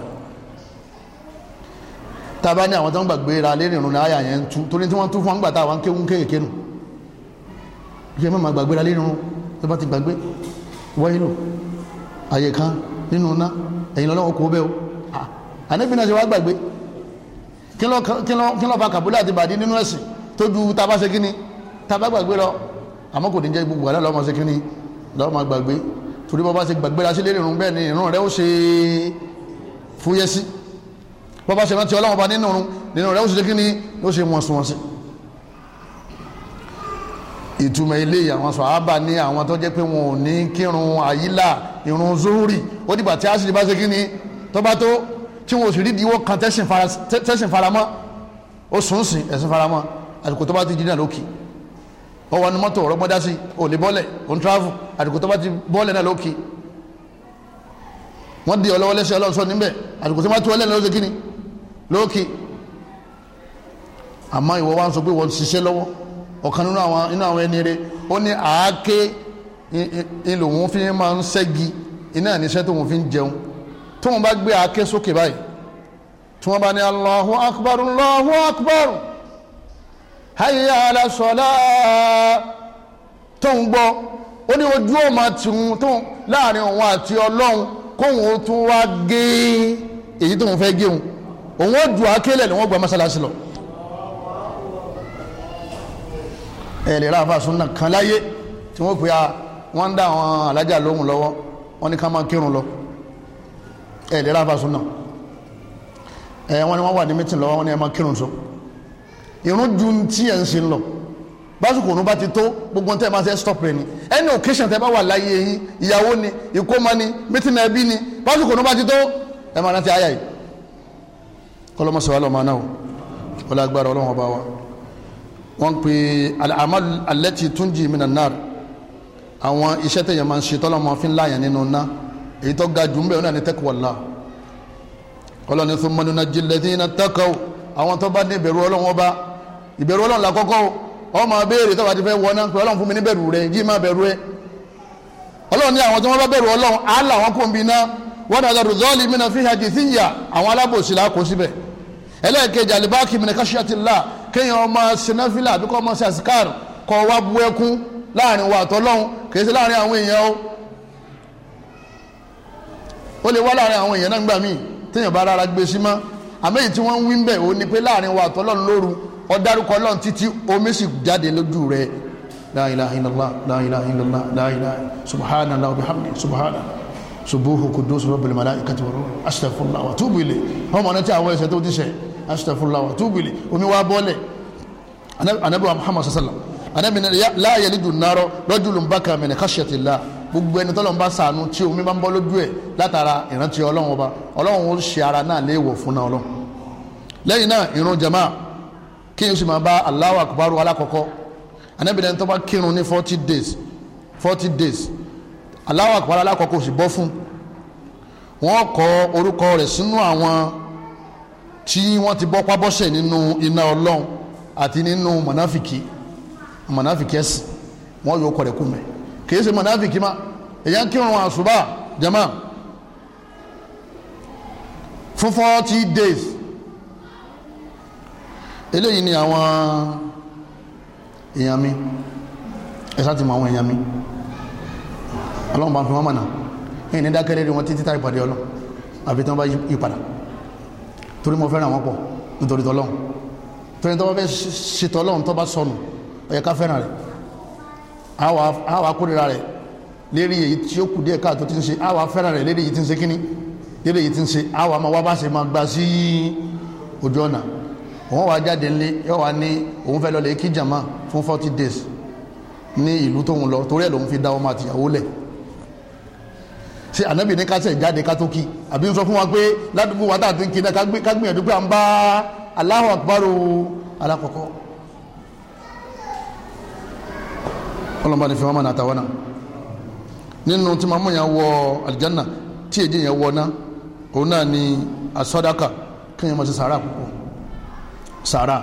tábà ní àwọn tó ń gbàgbé ra lérí ìrun láyà yẹn ń tú torí tí wọ́n tú fún àgbàtà àwọn kéwú kéèké nù yẹ mọ́ gbàgbé ra lérí ìrun tó bá ti gbàgbé wáyínú àyè kan nínú ná ẹ̀yìn lọ́wọ́ kò bẹ́ẹ̀ o ànábì náà ṣe wá gbàgbé kí ló fa kàbúlà àti bàdí nínú ẹ̀sìn tó ju tábà ṣe kíni tábà gbàgbé lọ àmọ́ kò ní jẹ́ gbogbo àlọ́ lọ́mọ ṣe kíni lọ́mọ gbàgbé torí bọ́ bá ṣe gbàgbé ra sí lérí bẹ́ẹ̀ ni ìrun rẹ ó ṣe fúyẹ́ sí bọ́bá ṣe rántí ọlọ́run ọba nínú ọ̀run nínú rẹ̀ ó sì ṣe kí ni ó ṣe wọ̀nsìwọ̀nsì. ìtumọ̀ ilé àwọn sọ̀hábà ní àwọn tó jẹ́ pé wọn ò ní kírun àyílà irun zuhuri ó dìgbà tí aṣèjì bá ṣe kí ni tó bá tó tí wọn ò sì rí ìdíwọ́ kan tẹ́sìn faramọ́ ó sùn sìn ẹ̀sìn faramọ́ àsìkò tó bá ti jìnnà lókì ó wà ní mọ́tò ọ̀rọ̀ gbọ́dá sí ò lè bọ́lẹ̀ ò ń travel àsìkò tó bá ti bọ́lẹ̀ náà lókì wọ́n di ọlọ́wọ́ lẹ́sẹ̀ ọlọ́sọ níbẹ̀ àsìkò tó bá tó ọlẹ́ni lọ́sẹ̀ kí ni lókè àmọ́ ìwọ wa ń sọ pé wọ́n ṣiṣẹ́ lọ́wọ́ ọ̀kan nínú àwọn nínú àwọn ẹni rẹ ó ní àáké ìlòhùn fi máa ń ṣẹ́gi iná níṣẹ́ tóun fi ń jẹun tóun bá gbé àáké sókè báyìí tí wọ́n bá ní Allahu akbar Allahu akbar hayya ala salah tóun gbọ́ ó ní ojú ọmọ tìhun tóun láàrin òun àti ọlọ́run kóun ó tún wá gé èyí tóun fẹ́ gé òun ó ju akélẹ̀ ni wọ́n gba mọ́sálásí lọ. ẹ lè ra àfàsùn náà kan láyé tí wọ́n pè á wọ́n ń dá àwọn alájà lóhùn lọ́wọ́ wọ́n ní ká máa kírun lọ ẹ lè ra àfàsùn náà ẹ wọ́n ní wọ́n wà ní mítìn lọ́wọ́ wọ́n ní ẹ máa kírun sọ irun ju tí ẹ ń sin lọ básùkò òun bá ti tó gbogbo tẹ́ ẹ máa ṣe stop rẹ ni any occasion tẹ́ ẹ bá wà láyé yín ìyàwó ni ìkómọ ni mítìn ẹbí ni básùkò òun bá ti tó ẹ máa rántí àyà yìí ọlọ́mọsọ̀ alọ́mọ náà ọlágbára ọlọ́wọ́n bá wa wọ́n pe al-amal allati tunji minan nar àwọn iṣẹ́ tẹ̀yẹ̀ máa ń ṣe tọ́lọ́mọ fi ń láyàn nínú ná èyí tó ga jù ń bẹ̀ ọ́n náà ní taqwallah ọlọ́ni thumma nunajjil ladhina taqaw àwọn tó bá ní ìbẹ̀rù ọlọ́wọ́n bá ìbẹ̀rù ọlọ́run làkọ́kọ́ o ọmọ abéèrè tó bá ti fẹ́ wọná pé ọlọ́run fún mi ní bẹ̀rù rẹ jí má bẹ̀rù ẹ ọlọ́run ní àwọn tí bá bẹ̀rù ọlọ́run á là wọ́n ń bi iná wọ́n dàgbà rúdọ́ọ̀lì mí ẹlẹ́ẹ̀kejì alibaki minakashiatila kéèyàn ọmọ sinafila àbíkọ́ ọmọ sasikar kọ́ wa bu ẹkún láàrin wa àtọ́lọ́hún kìí ṣe láàrin àwọn èèyàn o ó lè wá láàrin àwọn èèyàn náà gbà míì téèyàn bá rárá gbé sí mọ́ àmẹ́yìí tí wọ́n ń wí ń bẹ̀ ó ní pé láàrin wa àtọ́lọ́hún lóru ó dárúkọ Ọlọ́run títí omi sì jáde lójú rẹ̀ la ilaha illallah la ilaha illallah la subuhu kudus rabbil malaikati wa ruh wa tubu ilayh ọmọ náà tí àwọn ẹ̀ṣẹ̀ tó ti ṣẹ̀ astaghfirullah wa atubu ilayh omi wa bọ́lẹ̀ anabi wa muhammad sallam anabi la yalidu nnara rajulun baka min khashyatillah gbogbo ẹni tọ́lọ́ ń bá sànú tí omi bá ń bọ́ lójú ẹ̀ látara ìrántí ọlọ́run ọba ọlọ́run ó ṣe ara náà léèwọ̀ fún náà náà ìrun jama kí n bá Allahu akbar alákọ̀ọ́kọ́ anabi dẹni bá kírun ní forty days forty days Allahu akbar alákọ̀ọ́kọ́ sì bọ́ fún wọn kọ orúkọ rẹ̀ sínú àwọn tí wọ́n ti bọ́ pábọ́sẹ̀ nínú iná ọlọ́run àti nínú mọ̀náfìkì mọ̀náfìkì ẹ̀sìn wọ́n yóò kọ̀ rẹ̀ kú mẹ́ kìí ṣe mọ̀náfìkì má èyàn kírun àṣùbà jama fún forty days eléyìí ni àwọn èèyàn mi ẹ̀sán ti mọ àwọn èèyàn mi ọlọ́run bá ń fi wọ́n mọ̀nà ẹ̀yìn ní dákẹ́rẹ́rẹ́ wọn títí tá ìpàdé ọlọ́run àbí tí wọ́n bá yí padà torí mo fẹ́ràn wọn pọ̀ nítorí tọ́lọ́hún torí tọ́wọ́ fẹ́ ṣe tọ́lọ́hún tọ́ bá sọnù ó yẹ ká fẹ́ràn rẹ̀ àwa kórìíra rẹ̀ lérí èyí tí ó kù díẹ̀ káàtó ti ń ṣe àwa fẹ́ràn rẹ̀ lérí èyí tí ń ṣe kíní lérí èyí tí ń ṣe àwa máa wá bá ṣe máa gba sí ojú ọ̀nà òun wá jáde ńlé yóò wá ní òun fẹ́ lọ lè kí jàmá fún forty days ní ìlú tóun lọ torí ẹ̀ lòun fi dá ọmọ àtìyàwó lẹ̀ ṣe ànábì ní kásẹ̀ jáde ká tó kí àbí ń sọ fún wa pé ládùúgbò wa tàbí kí náà ká gbìyànjú pé à ń bá Allahu Akbar alákọ̀ọ́kọ́ ọlọ́mọba ní fi wọn mọ̀ náà náà nínú tí màmú yẹn wọ àlìjánà tí èjì yẹn wọ ná òun náà ni asọ́dáka kí yẹn máa ṣe sàárà púpọ̀ sàárà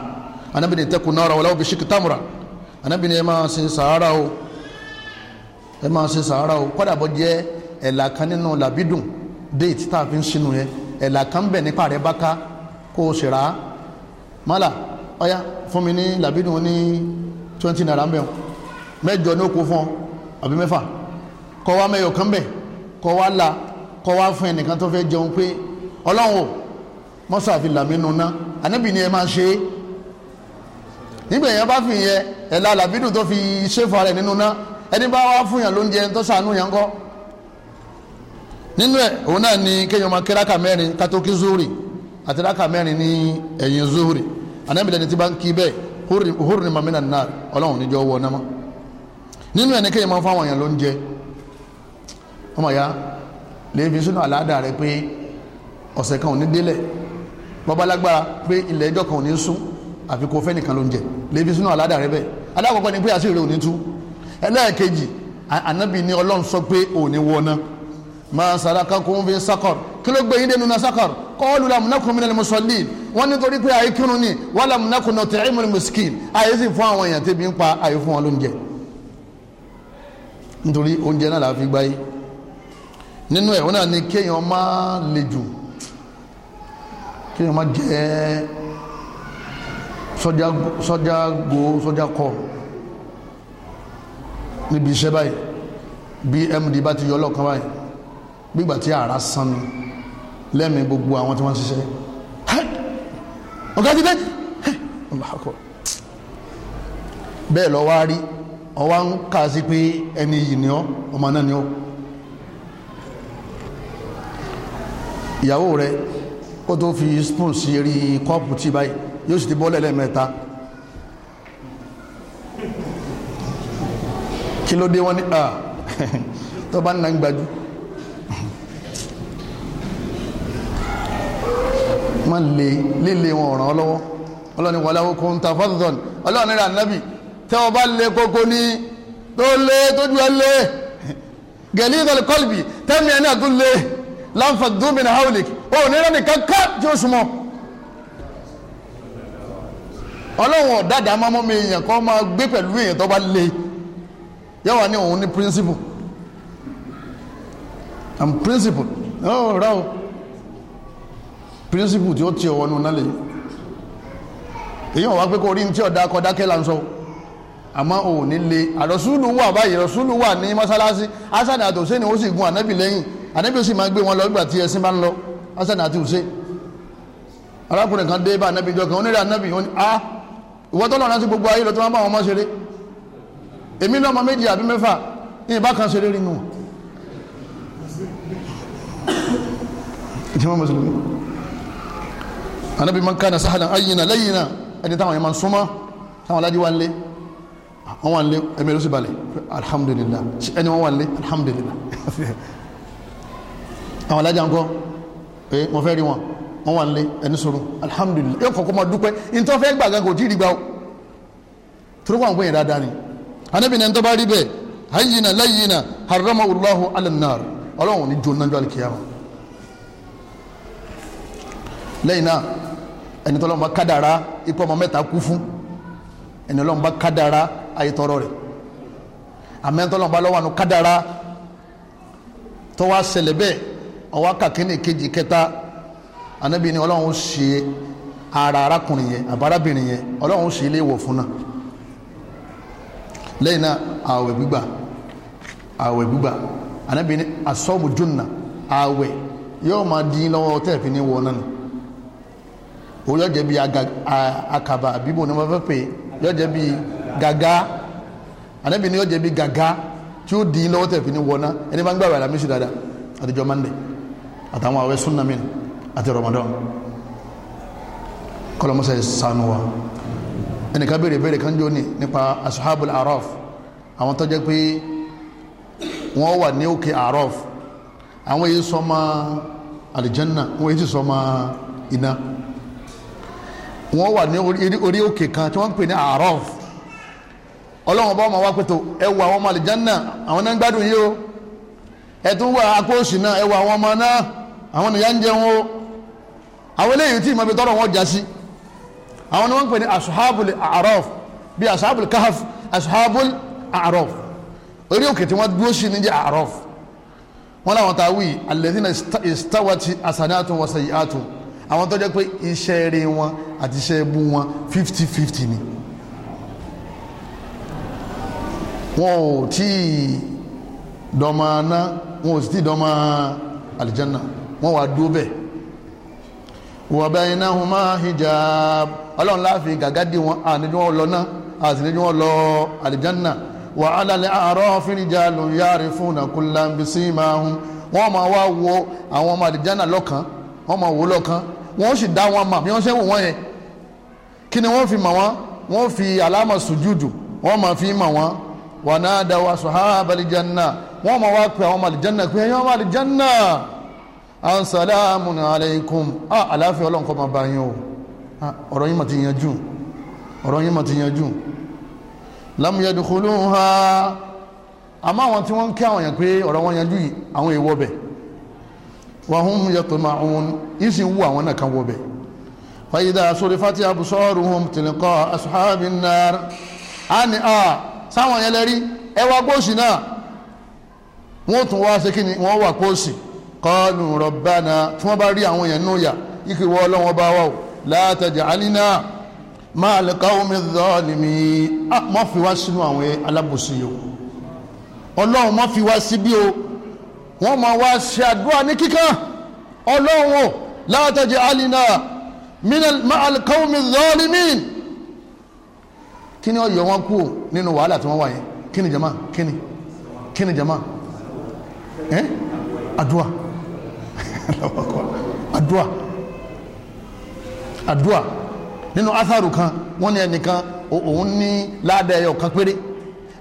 ànábì ní tẹ́kùn náà ra wọlé òbí ṣíkì támùrà ànábì ní ẹ máa ṣe sàárà o ẹ máa ṣe sàárà o kọ́dà bọ́ jẹ́ ẹ̀là kan nínú làbídùn déètì tá a fi ń sinú yẹn ẹ̀là kan bẹ̀ nípa rẹ̀ bá ká kó o sì rà á mọ́là ọ̀yá fún mi ní làbídùn ní twenty naira ń bẹ̀ wọn mẹ́jọ ní oko fún ọ àbí mẹ́fà kọ́ wa mẹ́yọ̀ kan bẹ̀ kọ́ wa la kọ́ wa fún ẹnìkan tó fẹ́ jẹun pé ọlọ́run o mọ́sàáfin làmínú ná ànábì ni ẹ máa ṣe é nígbà yẹn bá fi yẹn ẹ̀ la làbídùn tó fi ṣèfà rẹ̀ nínú ná ẹni bá wá fún yàn lóúnjẹ tó sànú yàn kọ́ nínú ẹ̀ òun náà ni kéèyàn máa kéraka mẹ́rin katoki zuhuri àti raka mẹ́rin ní ẹ̀yìn zuhuri anábìlẹ̀ ni ti bá ń kí bẹ́ẹ̀ hurni mamina náà ọlọ́run wọ nínú ni kéèyàn máa fáwọn èèyàn ló ń jẹ ọmọ ya lèébi sínú àlàáda rẹ pé ọ̀sẹ̀ kan ò ní délẹ̀ pé ilẹ̀ ẹjọ́ kan ò ní sún àfi kò ló ń jẹ ni pé ma sarakakum fi sakọr kí ló gbé yín dénú na sakọr kọ́ọ̀lù lam nakun minal musallin wọ́n nítorí pé àyè kírun ni wọ́n lam nakun nut'imul miskin àyè sì fún àwọn èèyàn tẹ́bi ń pa àyè fún wọn lóúnjẹ nítorí oúnjẹ náà la fi gbáyé nínú ẹ̀ wọ́n náà ni kéèyàn má le jù kéèyàn má jẹ́ sọ́jà sọ́jà go sọ́jà kọ́ níbi iṣẹ́ báyìí bmd bá ti yọ ọlọ́kan báyìí gbígbà tí ara san mi lẹ́mìí gbogbo àwọn tí wọ́n ń ṣiṣẹ́ ọ̀gá ti bẹ́ẹ̀ bẹ́ẹ̀ lọ wá rí ọwá ń ká sí pé ẹni yìí ni ọ ọmọ náà ni ọ ìyàwó rẹ kó tó fi spoon sí eré kọ́ọ̀pù tí báyìí yóò sì ti bọ́ lẹ́lẹ́mẹ́ta kí ló dé wọ́n ní à ah, ń na ń gbajú má lè líle wọn ràn ọ́ lọ́wọ́ ọlọ́ni walaw kunta faddan ọlọ́ni rà nábì tẹ́ ọ bá lè koko ní tó lé tójú ẹ lé galidhal qalbi tẹ́mi ẹ̀ náà tó lé lanfaddu min hawlik ó nira nìkan ká tí ó súnmọ́ ọlọ́run ọ̀dàdà máa mọ́ mi èèyàn kan máa gbé pẹ̀lú èèyàn tó bá lé yẹ́wà ní òun ní principle and principle ọ̀rọ̀ oh, o. Oh, píríncípù tí ó ti ọwọ́ nù nálẹ̀ èyí wọ́n wá pé kó rí ní tí ọ̀dà akọ dákẹ́ là ń sọ àmọ́ ò ní le àrọ̀súlù wà báyìí àrọ̀súlù wà ní mọ́sálásí hasan àti hussein ó sì gun ànábì lẹ́yìn ànábì ó sì máa gbé wọn lọ nígbà tí ẹṣin bá ń lọ hasan àti hussein arákùnrin kan dé bá ànábì jọ kan onírè ó ní a ah, ìwọ tó lọ́nà sí gbogbo ayé lọ tó máa bá àwọn ọmọ ṣeré èmi náà ọmọ méjì àbí mẹ́fà ní ìbá kan ṣeré rí ìjọba mùsùlùmí anabi man kana sahalan ayina lẹyina ẹni táwọn yẹn máa ń súnmọ́ táwọn aládìí wà ń lé wọn wà ń lé ẹmí ló sì balẹ̀ alhamdulilah ẹni wọn wà ń lé alhamdulilah àwọn aládìí àńkọ ẹ wọn fẹ́ rí wọn wọn wà ń lé ẹni sọ̀rọ̀ alhamdulilah yóò kọ́kọ́ máa dúpẹ́ ntọ́ fẹ́ gbàgán kò tí ì rí gbà ó ni anabi náà ń tọ́ba rí layina harama ulahu alanar ọlọ́run ní jóná jọ alikiyama lẹ́yìn náà ẹni tọ́lọ́run bá kádàrá ipò ọmọ mẹ́ta kú fún ẹni Ọlọ́run bá kádàrá ayé tọrọ rẹ̀ àmọ́ ẹni tọ́lọ́run bá lọ́wọ́ àánú kádàrá tọ́wọ́ àṣẹlẹ̀ bẹ́ẹ̀ ọwọ́ kàkínní kejì kẹta Ànábì ni Ọlọ́run ṣe ara arákùnrin yẹn àbárábìnrin yẹn Ọlọ́run ṣe ilé ìwọ̀ fún náà lẹ́yìn náà ààwẹ̀ gbígbà ààwẹ̀ gbígbà Ànábì ni asọ́mùjúnà ààwẹ̀ yóò máa dín lọ́wọ́ tẹ́ẹ̀fì ní wọ náà òun yóò jẹ́ bí akaba bíbò ní wọ́n fẹ́ pè yóò jẹ́ bí gàgá ànábì ni yóò jẹ́ bí gàgá tí ó dín lọ́wọ́ tẹ̀ fi ní wọ́ná ẹni máa ń gbàgbé àlàmísì dáadáa àtijọ́ mande àtàwọn àwẹ̀ súnà àti Ramadan kọlọmọsẹ sànù wa ẹnìkan béèrè béèrè kan jóni nípa asuhabul araf àwọn tó jẹ́ pé wọ́n wà ní òkè araf àwọn èyí sọ ma alijanna wọ́n èyí sọ ma iná wọ́n wà ní orí òkè kan tí wọ́n ń pè ní Araf ọlọ́run bá wọn wá pẹ̀tọ̀ ẹ wo àwọn ọmọ àlìjánná àwọn náà ń gbádùn yìí o ẹ tún wọ akóòsì náà ẹ wo àwọn ọmọ náà àwọn nìyá ń jẹun o àwọn eléyìí tí ìmọ̀bi tọrọ wọn já sí àwọn ni wọ́n ń pè ní asuhabul Araf bí asuhabul kahf asuhabul Araf orí òkè tí wọ́n dúró sí ní jẹ́ Araf wọ́n làwọn ta wí alladhina istawati hasanatun wa sayyi'atun àwọn tó jẹ́ pé iṣẹ́ rere wọn àti iṣẹ́ ẹbú wọn fifty fifty ni wọn ò tí ì dọ́mọ wọn ò sì tí ì dọ́mọ àlìjánná wọn wà dúró bẹ́ẹ̀ wa baynahuma hijab ọlọ́run láàfin wọn àníjú wọn lọ náà àtìníjú wọn lọ àlìjánná wa ala al-a'rafi rijalun ya'rifuna kullan bisimahum wọ́n máa wá wo àwọn ọmọ àlìjánná lọ́kàn wọ́n máa wò lọ́kàn wọ́n sì dá wọn mà kí ni wọ́n fi mọ̀ wọ́n wọ́n fi àlámà sùjúdù wọ́n máa fi mọ̀ wọ́n wa nadaw ashab al-janna wọ́n máa wá pé àwọn màlìjánà pé ẹ̀yọ́ màlìjánà an salamun alaykum a ah, àláfíà ọlọ́nkọ́ máa bá yín o ah, ọ̀rọ̀ yín mà ti yanjú ọ̀rọ̀ yín mà ti yanjú lam yadkhuluha àmọ́ àwọn tí wọ́n ń kí àwọn yẹn pé ọ̀rọ̀ wọn yanjú yìí àwọn èèwọ̀ bẹ̀ wa hum yatma'un yìí sì ń wú àwọn náà kan wọ̀ bẹ̀ fàyídà surifati absaruhum tilqa ashabin nar a ní a sáwọn yẹn lẹ́rí ẹ wá gbóòsì náà wọ́n tún wá ṣe kíni wọ́n wà gbóòsì qalu rabbana tí wọ́n bá rí àwọn èèyàn nù yà ike wọ́ ọlọ́wọ́n bá wà o la taj'alna ma'al qawmi zalimin mọ́ fi wá sínú àwọn alábòsí yìí o ọlọ́run mọ́ fi wá síbí o wọ́n máa wá ṣe àdúrà ní kíkan ọlọ́run o la taj'alna minal ma'al qawmi zalimin kí ni ó yọ wọn kúrò nínú wàhálà tí wọ́n wà yẹn kí ni jama kí ni kí ni jama ẹ àdúà àdúà àdúà nínú atharu kan wọ́n ní ẹnìkan òun ní ládàá ẹyọ kan péré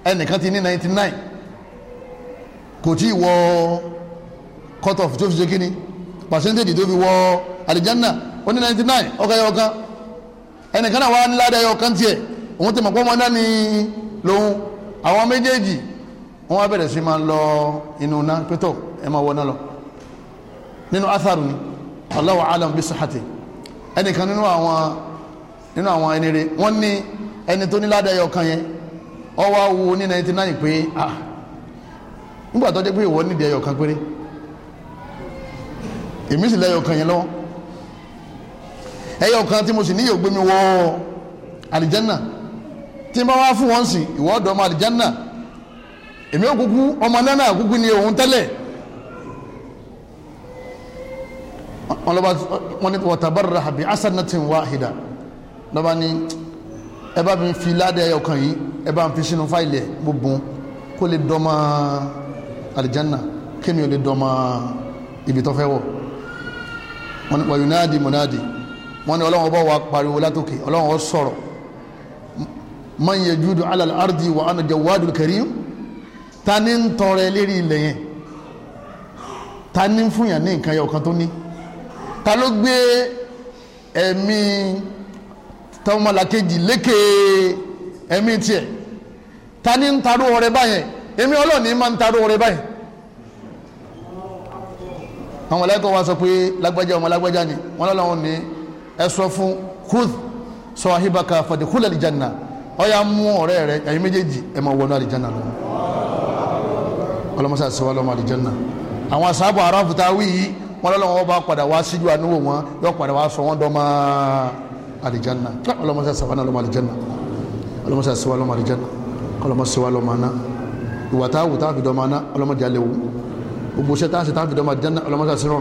ẹnìkan ti ní ninety nine kò tí ì wọ cut off tó fi ṣe kí percentage tó fi wọ alijanna ó ní ninety nine ọkọ̀ ẹyọ kan ẹnìkan náà wà ní ládàá ni lòun àwọn méjèèjì wọ́n wá bẹ̀rẹ̀ sí máa lọ inú náà pétọ́ ẹ máa wọ náà lọ nínú atharu ni alam bí sahati ẹnìkan nínú àwọn nínú àwọn ẹni rẹ ní ẹni tó ní ládàá ẹyọ kan yẹn ó wá wo ní ninety nine pé ah nígbà tó pé ìwọ nídìí ẹyọ kan péré èmi ẹyọ kan tí mo sì níyì ògbémi wọ àlìjánà tí n bá wá fún wọn sí ìwọ ọ̀dọ̀ ọmọ àlìjánà èmi òkúkú ọmọ nánà òkúkú ni òun tẹ́lẹ̀ wọn lọba wọn ni wọtabarra habi asanatin wahida lọba ni ẹ bá mi fi ládẹ ẹyọ kan yìí ẹ bá mi fi sínú fáìlì ẹ gbogbo kó lè dọ́mọ àlìjánà kémi ò lè dọ́mọ ibi tó fẹ́ wọ̀ wọn ni wàyùnáàdì mọ̀náàdì wọ́n ní ọlọ́run ọba wa pariwo látòkè ọlọ́run ọ sọ̀rọ̀ man yajudu ala al-ardi wa ana jawadul karim ta ni ń tọrẹ lérí ilẹ̀ yẹn ta ni ń fún yàn ní nǹkan yẹn ọ̀kan tó ní ta ló gbé ẹ̀mí tọmọlàkejì lékè ẹ̀mí tiẹ̀ ta ni ń tarú ọrẹ báyẹn èmi ọlọ́ọ̀ni máa ń tarú ọrẹ báyẹn àwọn ọ̀lẹ́kọ̀ọ́ wa sọ pé lágbájá ọmọ lágbájá ni wọ́n lọ́wọ́ ní ẹ sọ fún khudh sahibaka fadkhula aljanna ọ̀yà mú ọ̀rẹ́ rẹ ẹ̀yin méjèèjì ẹ̀ máa wọnú aljanna lọ. ọlọ́mọṣà sọ wà lọ́mọ aljanna àwọn asáàbù aráàfù tá a wí yìí wọn lọ́lọ́wọ́ bá padà wá síjú àníwò wọn yóò padà wá sọ wọn dọ́mọ aljanna ọlọ́mọṣà sọ wà lọ́mọ aljanna ọlọ́mọṣà sọ wà lọ́mọ aljanna ọlọ́mọṣà aná ìwà tá a wù tá a fi dọ́mọ aná ọlọ́mọdé alẹ́ wù gbogbo tá a ṣe tá a fi dọ́mọ aljanna ọlọ́mọṣà sọ